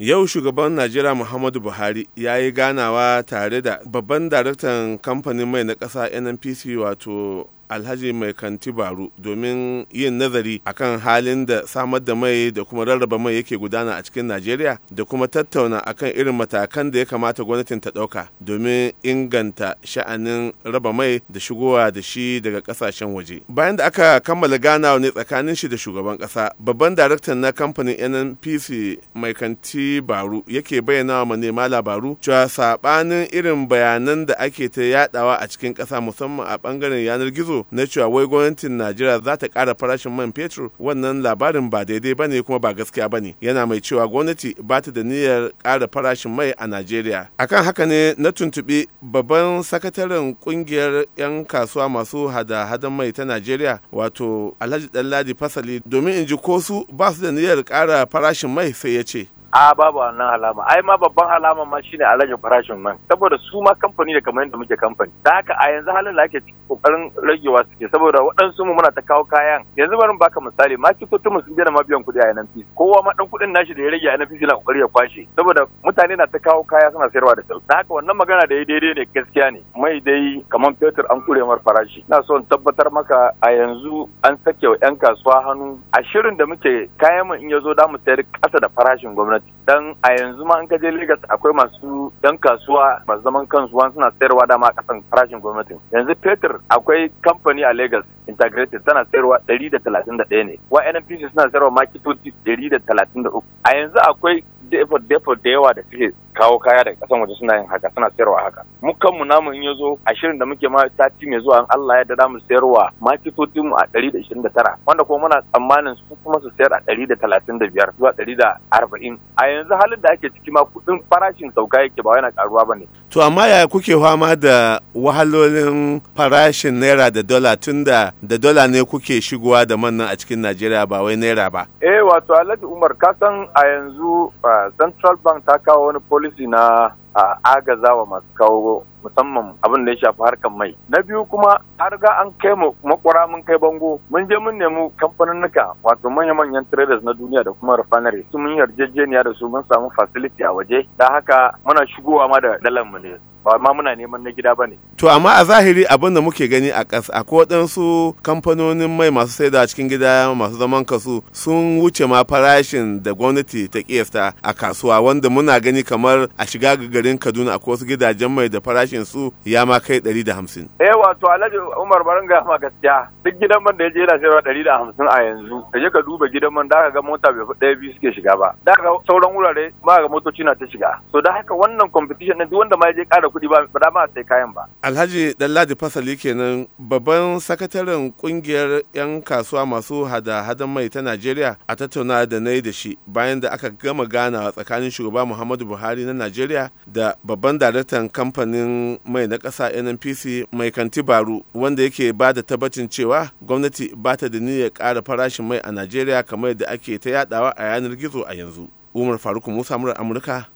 Yau shugaban Najeriya Muhammadu Buhari ya yi ganawa tare da babban daraktan kamfanin mai na ƙasa NNPC wato alhaji mai kanti baru domin yin nazari akan halin da samar da mai da kuma rarraba mai yake gudana a cikin najeriya da kuma tattauna akan irin matakan da ya kamata gwamnatin ta ɗauka domin inganta sha'anin raba mai da shigowa da shi daga ƙasashen waje bayan da aka kammala ganawa ne tsakanin shi da shugaban ƙasa babban daraktan na kamfanin nnpc mai kanti baru yake bayyana wa manema labaru cewa saɓanin irin bayanan da ake ta yadawa a cikin ƙasa musamman a ɓangaren yanar gizo yanzu na cewa wai gwamnatin najeriya za ta ƙara farashin man fetur wannan labarin ba daidai ba ne kuma ba gaskiya ba ne yana mai cewa gwamnati ba ta da niyyar ƙara farashin mai a najeriya akan haka ne na tuntuɓi babban sakataren ƙungiyar 'yan kasuwa masu hada-hadan mai ta najeriya wato alhaji ɗanladi fasali domin in ji ko su ba su da niyyar ƙara farashin mai sai ya ce a babu wannan alama ai ma babban alama ma shine a rage farashin man saboda su ma kamfani da kamar yadda muke kamfani da haka a yanzu halin da ake kokarin ragewa suke saboda waɗansu mu muna ta kawo kayan yanzu bari baka misali ma kitotin mu sun daina ma biyan kuɗi a NNPC kowa ma dan kuɗin nashi da ya rage a NNPC yana kokari ya kwashe saboda mutane na ta kawo kaya suna sayarwa da sauki da haka wannan magana da ya daidai ne gaskiya ne mai dai kamar fetur an kure mar farashi ina so tabbatar maka a yanzu an sake wa 'yan kasuwa hannu a shirin da muke kayan mu in ya zo da mu sayar ƙasa da farashin gwamnati dan a yanzu ma an je Legas akwai masu dan kasuwa masu zaman kansu wani suna sayarwa dama kasan farashin gwamnatin yanzu Peter akwai kamfani a Legas Integrated tana sayarwa 131 ne wa NNPC suna sayarwa maki 133 a yanzu akwai depot depot da yawa da suke kawo kaya daga kasan waje suna yin haka suna sayarwa haka mu kanmu namu in yazo shirin da muke ma sati mai zuwa in Allah ya da mu sayarwa makitotin mu a 129 wanda kuma muna tsammanin su kuma su sayar a 135 zuwa 140 a yanzu halin da ake ciki ma kudin farashin sauka yake ba yana karuwa bane to amma yaya kuke fama da wahalolin farashin naira da dola tunda da da dola ne kuke shigowa da man a cikin najeriya ba wai naira ba eh wato alhaji umar kasan a yanzu ah, central bank ta kawo wani policy na a agazawa masu kawo musamman abin da ya shafi harkar mai na biyu kuma har ga an kai mu makwara mun kai bango mun je mun nemi kamfaninnika wato manya-manyan traders na duniya da kuma refinery su mun yarjejeniya da su mun samu facility a waje da haka muna shigowa ma da dalar mu ne ba ma muna neman na gida ba To amma a zahiri abin da muke gani a kasa akwai waɗansu kamfanonin mai masu saida a cikin gida masu zaman kasu sun wuce ma farashin da gwamnati ta kiyasta a kasuwa wanda muna gani kamar a shiga gari garin Kaduna akwai wasu gidajen mai da farashin su ya ma kai 150. Eh wato Alhaji Umar Barin ga ma gaskiya duk gidan man da ya je yana sayarwa 150 a yanzu Ka je ka duba gidan man da ga mota bai fi biyu suke shiga ba. Da ga sauran wurare ba ga motoci na ta shiga. So da haka wannan competition din duk wanda ma ya je ƙara kuɗi ba ba da ma sai kayan ba. Alhaji Dallaji Fasali kenan babban sakataren kungiyar 'yan kasuwa masu hada-hadan mai ta Najeriya a tattauna da na yi da shi bayan da aka gama ganawa tsakanin shugaba Muhammadu Buhari na Najeriya da babban daraktan kamfanin mai na ƙasa nnpc mai kanti baru wanda yake ba da tabbacin cewa gwamnati ba ta da niyyar ƙara farashin mai a najeriya kamar da ake ta yadawa a yanar gizo a yanzu umar faruk musa murar amurka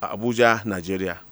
a abuja najeriya